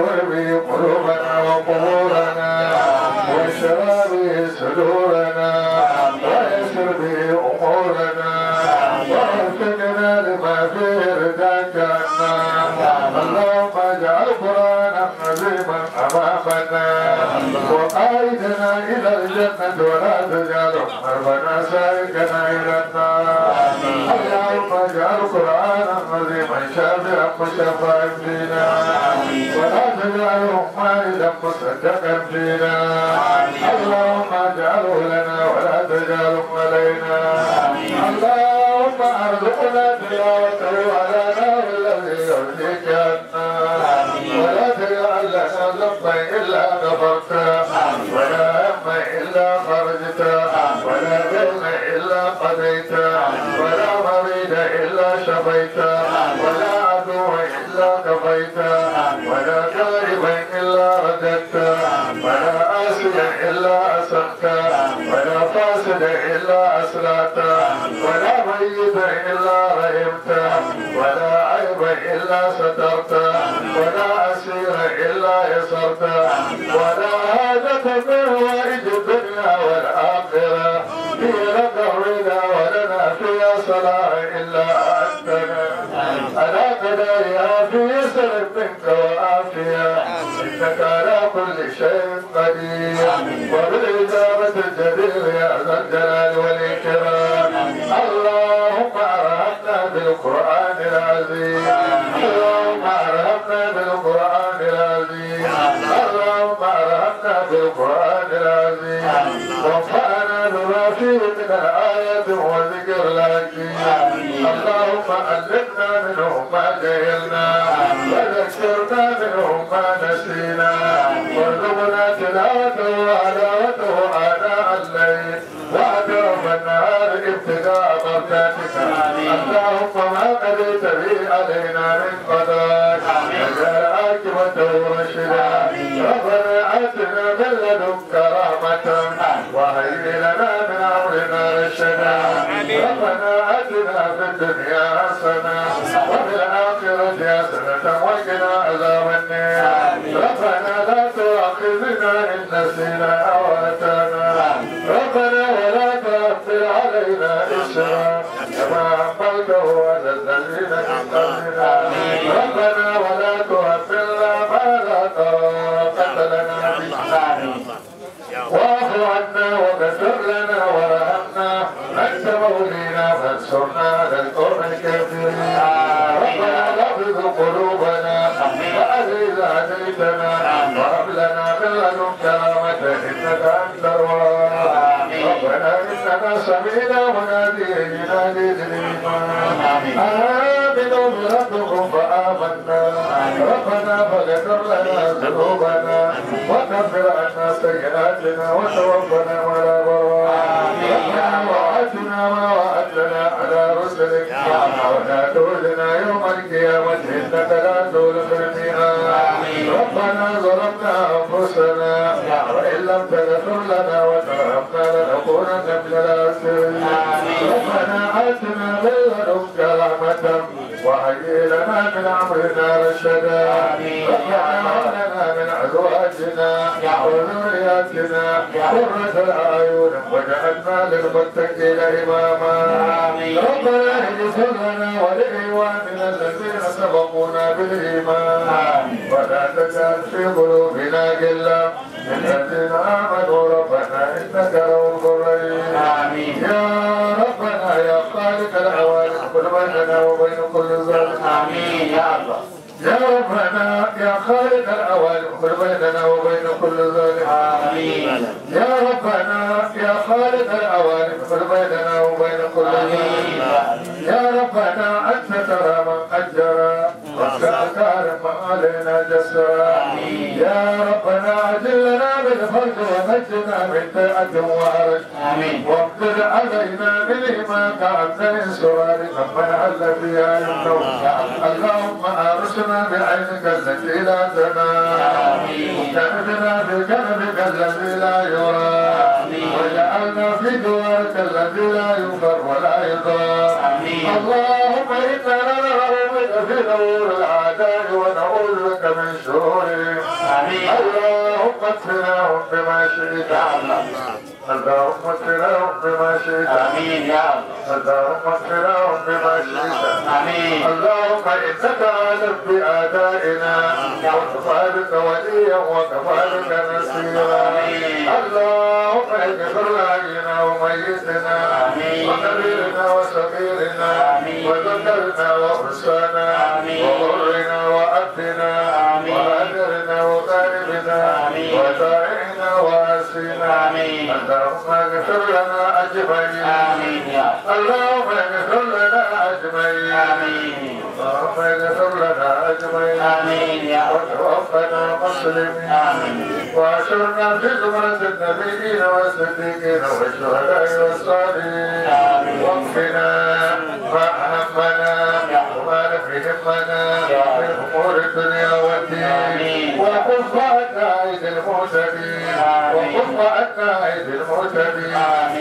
وابي قلوبنا وقبورنا واشرى به صدورنا ويسر به امورنا واهتدنا لما فيه رداك عنا اللهم اجعل قرانا عظيما امامنا وقائدنا الى الجنه ولا تجعل حربنا سائقنا الى النار اللهم اجعل قرانا عظيما شافعا مشفعا فينا واجعله خالدا مصدقا فينا اللهم اجعله لنا ولا تجعله علينا اللهم ارزقنا تلاوته على نار الذي يهديك ولا تجعل لنا ذنبا الا غفرته ولا هما الا فرجته ولا دين الا قضيته ولا مريض الا شفيته ولا عدو الا كفيته إلا رئبته ولا عيب إلا سترته ولا أسير إلا يسرته ولا هادة من وإج الدنيا والآخرة في لدعونا ولنا في صلاح إلا أنتنا ألا تداريها في سر منك وآفية إنك على كل شيء قدير وبالإجابة الجليل يا ذا الجلال والإكرام الله بالقرآن العظيم اللهم أرحمنا بالقرآن العظيم اللهم أرحمنا بالقرآن العظيم وانفعنا بما فيه من الآيات والذكر الحكيم اللهم علمنا منه ما جهلنا وذكرنا منه ما نسينا وارزقنا تلاوته على وفاتك اللهم ما قضيت علينا من قضاء اجعل عاقبته رشدا ربنا اتنا من لدنك رحمة وهيئ لنا من امرنا رشدا ربنا اتنا في الدنيا حسنة وفي الاخرة ربنا ولا تهفلنا ما لا طاقة لنا بالله واعف عنا واغفر لنا وارحمنا أنت مولانا فانصرنا على القوم الكافرين ربنا لا تزغ قلوبنا وأزل علينا وهب لنا من لدنك رحمة إنك أنت الوهاب ربنا إننا سمعنا مناديا ينادي للإيمان بذنوبنا فآمنا ربنا فاغفر لنا ذنوبنا وكفر عنا سيئاتنا وتوفنا ولا برار ربنا وآتنا ما على رسلك ولا تولنا يوم القيامة إنك لا تولد ربنا ظلمنا أنفسنا وإن لم تغفر لنا وترحمنا لنكونن من الخاسرين ربنا آتنا بالله من امرنا رشدا ربنا لنا من ازواجنا وذرياتنا قرة اعين واجعلنا للمتقين اماما ربنا اغفر ولاخواننا الذين سبقونا بالايمان ولا تجعل في قلوبنا غلا للذين امنوا ربنا انك رؤوف رحيم بيننا وبين كل ظالم امين يا الله يا ربنا يا خالق الاوان خل بيننا وبين كل ذلك امين يا ربنا يا خالق الاوان خل بيننا وبين كل ظالم يا ربنا انت ترى من قدر وسالك ما علينا جسرا يا أخرجنا من فئة وأرج وامدد علينا بالإيمان كأن سرار لما هل بها يمنون اللهم أرشنا بعينك التي لا تنام وكأبنا بجنبك الذي لا يرى وجعلنا في دوارك الذي لا يفر ولا يضار اللهم إنا لنا بنور الاعداء ونعوذ بك من شرورهم اللهم اكفناهم بما شئت اللهم اكفناهم بما شئت اللهم اكفناهم بما شئت اللهم انك عالم باعدائنا وكفى بك وليا وكفى بك نصيرا اللهم اغفر لاهلنا وميتنا وكبيرنا وصغيرنا اللهم اغفر لنا اجمعين اللهم اغفر لنا اجمعين اللهم اغفر لنا اجمعين وتوفنا مسلمين واشرنا في زمرة النبيين والصديقين والشهداء والصالحين واكفنا وهمنا وما في همنا من امور الدنيا والدين وكفى عائد المعتدين وأن أيد المعتدين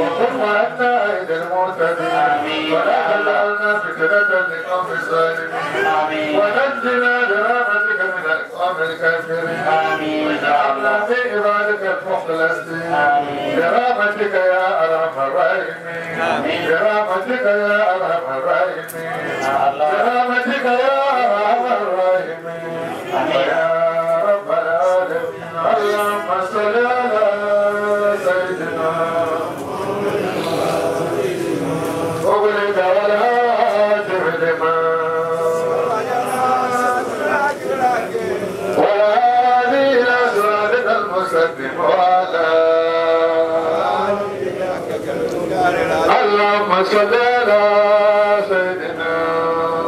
وكن وأن أيد المعتدين ولا تجعلنا فتنة للقوم الظالمين ونجنا برحمتك من القوم الكافرين واجعلنا في عبادك المخلصين برحمتك يا أرحم الراحمين برحمتك يا أرحم الراحمين برحمتك يا أرحم الراحمين يا رب العالمين اللهم صل وصل على سيدنا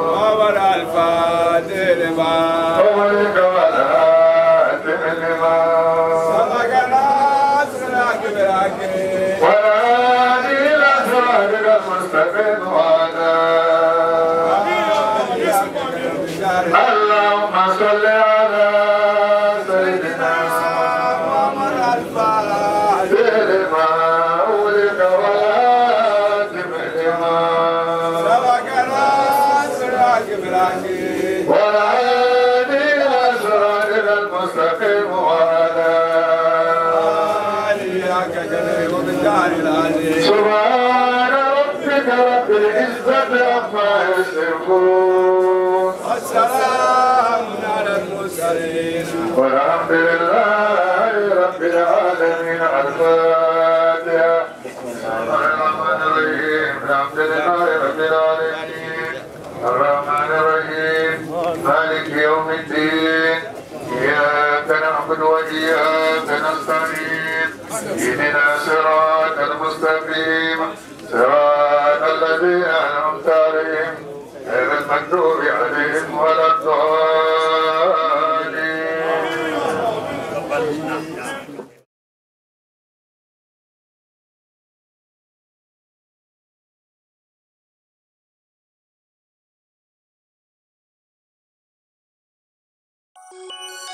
وعمر الفاتح لما وملك والآتم لما صدق الناس أكبر أكبر ونادي إلى صراطك المستقيم وعلى اللهم صل فيسركون والسلام على المرسلين والحمد لله رب العالمين الفاتحة الرحمن الرحيم الحمد لله رب العالمين الرحمن الرحيم مالك يوم الدين إياك نعبد وإياك نستعين اهدنا صراط المستقيم صراط الذين أنعمت عليهم غير المكتوب عليهم ولا الضالين Thank you.